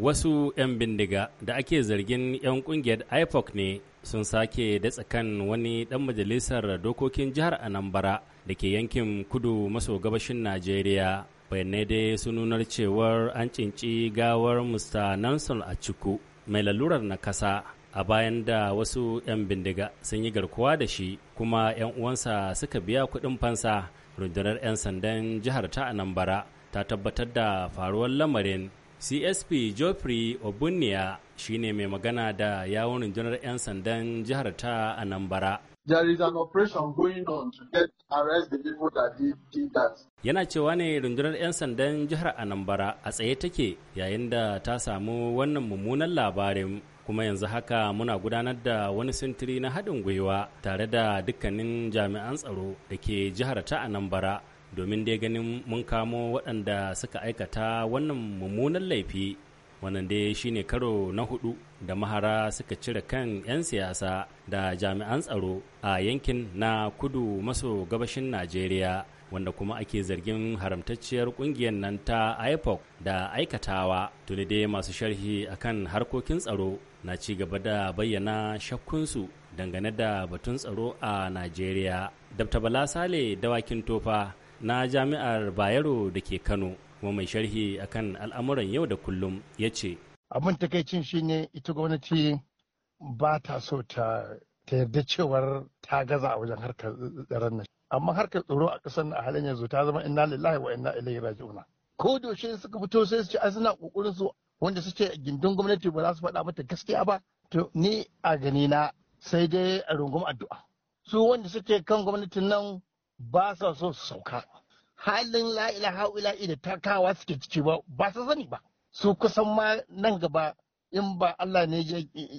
wasu 'yan bindiga da ake zargin 'yan kungiyar ipoc ne sun sake datsa kan wani dan majalisar dokokin jihar Anambara da ke yankin kudu maso gabashin najeriya bayanai dai sun nunar cewar an cinci gawar mr nelson a ciku mai lalurar na kasa a bayan da wasu 'yan bindiga sun yi garkuwa da shi kuma 'yan uwansa suka biya kuɗin fansa rundunar 'yan sandan jihar ta Anambara ta tabbatar da faruwar lamarin CSP Geoffrey Obunia ne mai magana da yawon rundunar 'yan sandan jihar ta Anambra. There is an operation going on to get Yana cewa ne rundunar 'yan sandan jihar Anambra a tsaye take yayin da ta samu wannan mummunan labarin kuma yanzu haka muna gudanar da wani sintiri na haɗin gwiwa tare da dukkanin jami'an tsaro da ke jihar ta Anambra domin dai ganin mun kamo waɗanda suka aikata wannan mummunan laifi wannan dai shine karo na hudu da mahara suka cire kan 'yan siyasa da jami'an tsaro a yankin na kudu maso gabashin najeriya wanda kuma ake zargin haramtacciyar kungiyar nan ta ipoc da aikatawa tuni dai masu sharhi akan harkokin tsaro na ci gaba da bayyana shakkunsu dangane da batun tsaro a najeriya dabta bala sale dawakin tofa na jami'ar bayero da ke kano kuma mai sharhi akan al'amuran yau da kullum ya ce abin takaicin shine ita gwamnati ba ta so ta yarda cewar ta gaza a wajen harkar tsaron nan amma harkar tsoro a ƙasar a halin yanzu ta zama inna lillahi wa inna ilaihi raji'un ko da suka fito sai su ce ai suna kokarin su wanda suke gindin gwamnati ba za su faɗa mata gaskiya ba to ni a gani na sai dai a rungum addu'a su wanda suke kan gwamnatin nan ba sa son sauka halin la'ila ila da takawa suke ciki ba ba su sani ba su kusan ma nan gaba in ba Allah ne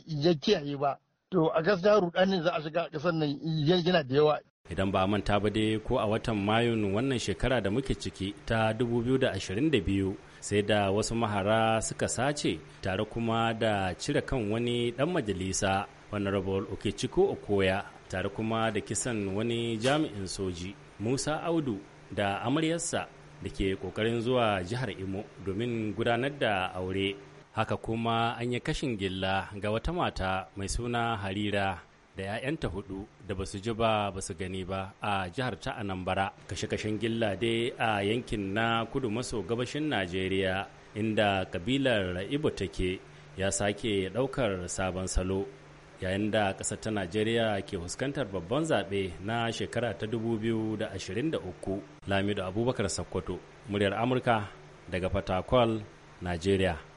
ya kiyaye ba to a gaskiya rudanin za a shiga kasan nan yana da yawa idan ba manta ba dai ko a watan mayun wannan shekara da muke ciki ta 2022 sai da wasu mahara suka sace tare kuma da cire kan wani dan majalisa honorable a okoya tare kuma da kisan wani jami'in soji musa audu da amaryarsa da ke kokarin zuwa jihar imo domin gudanar da aure haka kuma an yi kashin gilla ga wata mata mai suna harira da 'ya'yanta hudu da basu ji ba basu gani ba a jihar ta anambra kashe-kashen gilla dai a yankin na kudu maso gabashin najeriya inda kabilar ibo take ya sake daukar sabon salo yayin da ƙasar ta najeriya ke fuskantar babban zaɓe na shekara ta 2023 lamido abubakar sakkwato muryar amurka daga fatakwal najeriya